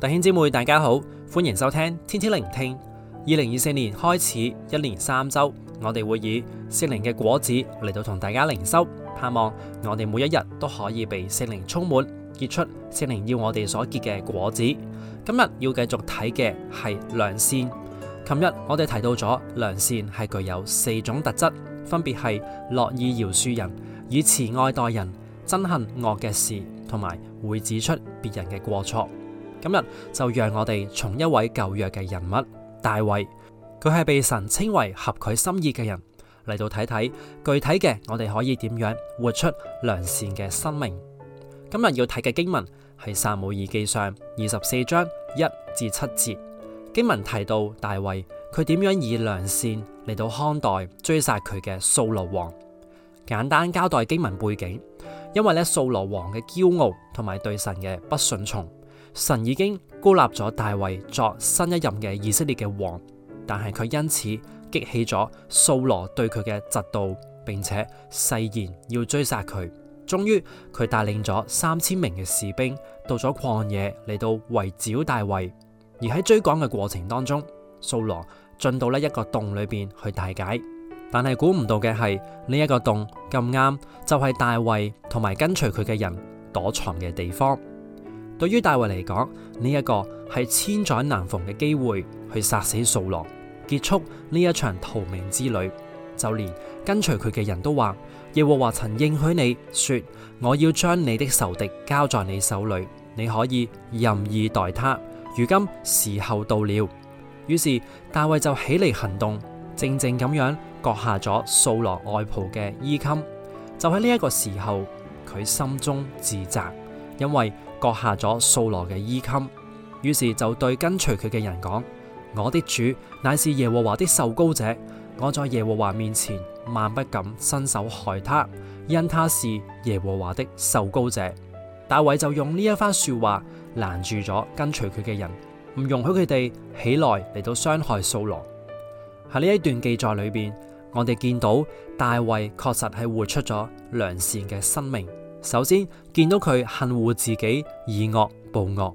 弟兄姊妹，大家好，歡迎收聽天天靈聽。二零二四年開始，一連三周，我哋會以聖靈嘅果子嚟到同大家靈修，盼望我哋每一日都可以被聖靈充滿，結出聖靈要我哋所結嘅果子。今日要繼續睇嘅係良善。琴日我哋提到咗良善係具有四種特質，分別係樂意饒恕人，以慈愛待人，憎恨惡嘅事，同埋會指出別人嘅過錯。今日就讓我哋從一位舊約嘅人物大衛，佢係被神稱為合佢心意嘅人嚟到睇睇具體嘅，我哋可以點樣活出良善嘅生命。今日要睇嘅經文係《撒母耳記上》二十四章一至七節。經文提到大衛佢點樣以良善嚟到看待追殺佢嘅掃羅王。簡單交代經文背景，因為咧掃羅王嘅驕傲同埋對神嘅不順從。神已經膏立咗大衛作新一任嘅以色列嘅王，但係佢因此激起咗掃羅對佢嘅嫉妒，並且誓言要追殺佢。終於，佢帶領咗三千名嘅士兵到咗曠野嚟到圍剿大衛。而喺追趕嘅過程當中，掃羅進到呢一個洞裏邊去大解，但係估唔到嘅係呢一個洞咁啱就係大衛同埋跟隨佢嘅人躲藏嘅地方。對於大衛嚟講，呢、這、一個係千載難逢嘅機會，去殺死掃羅，結束呢一場逃命之旅。就連跟隨佢嘅人都話：耶和華曾應許你說，我要將你的仇敵交在你手裏，你可以任意待他。如今時候到了，於是大衛就起嚟行動，靜靜咁樣割下咗掃羅外袍嘅衣襟。就喺呢一個時候，佢心中自責。因為割下咗掃羅嘅衣襟，於是就對跟隨佢嘅人講：「我的主乃是耶和華的受膏者，我在耶和華面前萬不敢伸手害他，因他是耶和華的受膏者。」大衛就用呢一番說話攔住咗跟隨佢嘅人，唔容許佢哋起來嚟到傷害掃羅。喺呢一段記載裏邊，我哋見到大衛確實係活出咗良善嘅生命。首先見到佢恨惡自己，以惡報惡，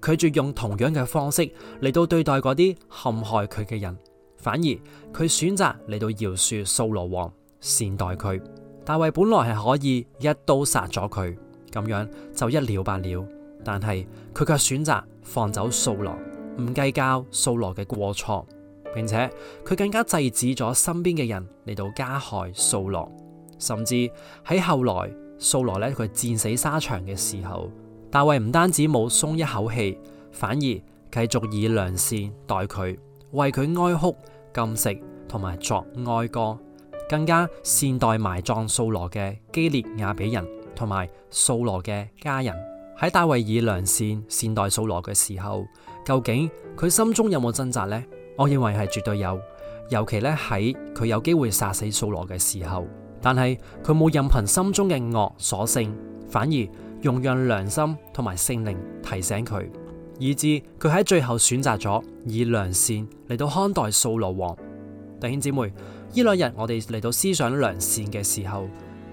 拒絕用同樣嘅方式嚟到對待嗰啲陷害佢嘅人，反而佢選擇嚟到饒恕掃羅王，善待佢。大衛本來係可以一刀殺咗佢，咁樣就一了百了，但係佢卻選擇放走掃羅，唔計較掃羅嘅過錯，並且佢更加制止咗身邊嘅人嚟到加害掃羅，甚至喺後來，掃羅咧，佢戰死沙場嘅時候，大衛唔單止冇鬆一口氣，反而繼續以良善待佢，為佢哀哭、禁食同埋作哀歌，更加善待埋葬掃羅嘅基列雅比人同埋掃羅嘅家人。喺大衛以良善善待掃羅嘅時候，究竟佢心中有冇掙扎呢？我認為係絕對有，尤其咧喺佢有機會殺死掃羅嘅時候。.但係佢冇任憑心中嘅惡所勝，反而容讓良心同埋聖靈提醒佢，以致佢喺最後選擇咗以良善嚟到看待掃羅王。弟兄姊妹，呢兩日我哋嚟到思想良善嘅時候，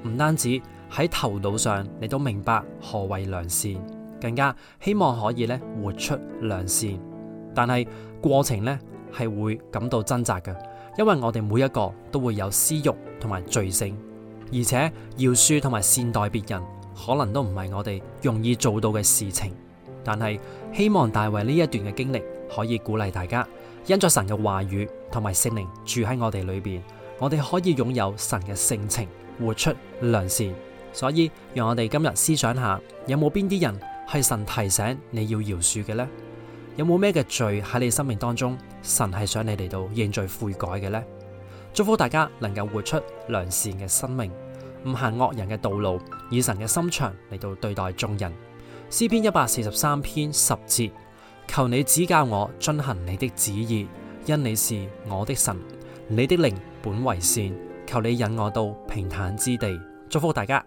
唔單止喺頭腦上你都明白何為良善，更加希望可以咧活出良善。但係過程呢係會感到掙扎嘅。因為我哋每一個都會有私慾同埋罪性，而且饒恕同埋善待別人，可能都唔係我哋容易做到嘅事情。但係希望大衛呢一段嘅經歷可以鼓勵大家，因著神嘅話語同埋聖靈住喺我哋裏邊，我哋可以擁有神嘅性情，活出良善。所以，讓我哋今日思想下，有冇邊啲人係神提醒你要饒恕嘅呢？有冇咩嘅罪喺你生命當中，神係想你嚟到認罪悔改嘅咧？祝福大家能夠活出良善嘅生命，唔行惡人嘅道路，以神嘅心腸嚟到對待眾人。詩篇一百四十三篇十節，求你指教我遵行你的旨意，因你是我的神，你的靈本為善。求你引我到平坦之地。祝福大家。